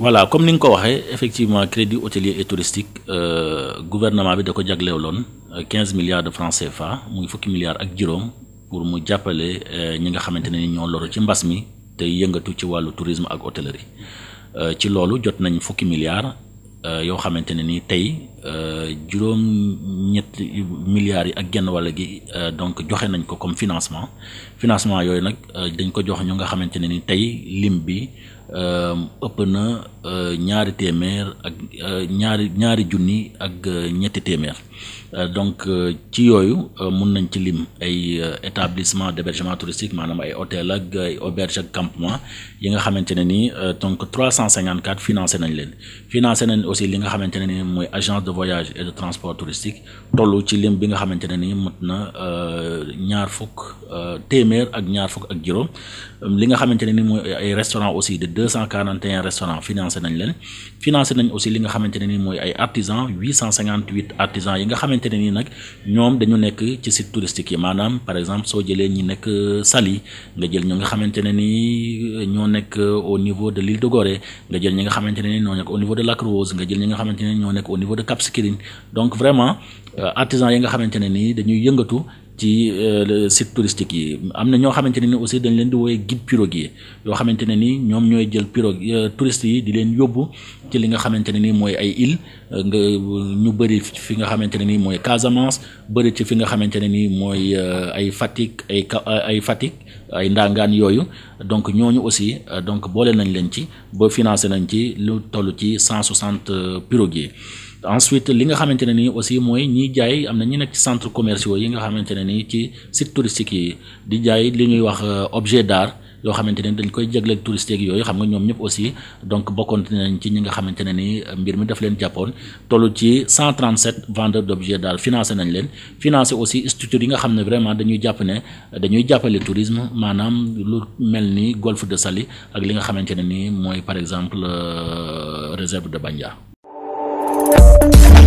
voilà comme ni nga ko effectivement crédit hôtelier et touristique euh, gouvernement bi da ko jagleewloon 15 euh, milliards de francs CFA muy fukki milliards ak juróom pour mu jàppale euh, ñi nga xamante ne ñoo loru ci mbass mi te yëngatu ci walu tourisme ak hôtellerie ci lolu jot nañ fukki milliards euh, yo xamanténi ni tey juróom-ñetti milliards ak genn wala gi donc joxé nañ ko comme financement financement yooyu nag dañ ko jox ñu nga xamante ne ni tey lim bi. Euh, ëpp na euh, ñaari téeméer ak euh, ñaari ñaari junni ak ñetti téeméer donc ci yooyu mun nañ ci lim ay établissement d'hébergement touristique maanaam ay hôtel ak ay auberge ak campement yi nga xamante ne ni donc trois cent cinquante quatre financé nañ leen financé nañ aussi li nga xamante ne agence de voyage et de transport touristique tollu ci lim bi nga xamante ne ni mot na ñaar fukk téeméer ak ñaar fukk ak juróom li nga xamante ne ni mooy ay restaurant aussi de 241 restaurants financé nañ leen financé nañ aussi li nga xamante ne nii mooy ay artisans 858 artisans yi nga xamante ne nii nag ñoom dañu nekk ci site touristique yi maanaam par exemple soo jëlee ñi nekk euh, sali nga jël ñu nga xamante ne nii euh, ñoo nekk euh, au niveau de l'île de Gorée nga jël ñi nga xamante ne nii ñoo nekk au niveau de Lac Rose nga jël ñi nga xamante ne ñoo nekk au niveau de Cap skirine donc vraiment artisans yi nga xamante ne nii dañuy yëngatu ci euh, site touristique yi am na ñoo xamante ne ni aussi dañ leen di wooye guide pirogue yi yoo xamante ne nii ñoom ñooy jël pirogue euh, touristes yi di leen yóbbu ci li nga xamante ne ni mooy ay île euh, nga ñu bëri fi nga xamante ne ni mooy Casamance bëri fi nga xamante ne ni mooy ay Fatick ay ay Fatick ay ndangaan yooyu donc ñooñu aussi donc boole nañ leen ci ba financé nañ ci lu toll ci cent soixante pirogue yi ensuite li nga xamante ne nii aussi mooy ñiy jaay am na ñi nekk ci centres commerciaux yi nga xamante ne nii ci sites touristique yi di jaay li ñuy wax euh, objet d'art yoo xamante ne dañ koy jagleel touristique ak yooyu xam nga ñoom ñëpp aussi donc bokkoon nañ ci ñi nga xamante ne ni mbir mi daf leen jàppoon toll ci 137 vendeurs d'objets d'art financé nañ leen financé aussi structure yi nga xam ne vraiment dañuy jàpp ne dañuy jàppale tourisme maanaam lu mel ni golfe de Saly ak li nga xamante ne ni mooy par exemple euh, réserve de Bandia Thank you.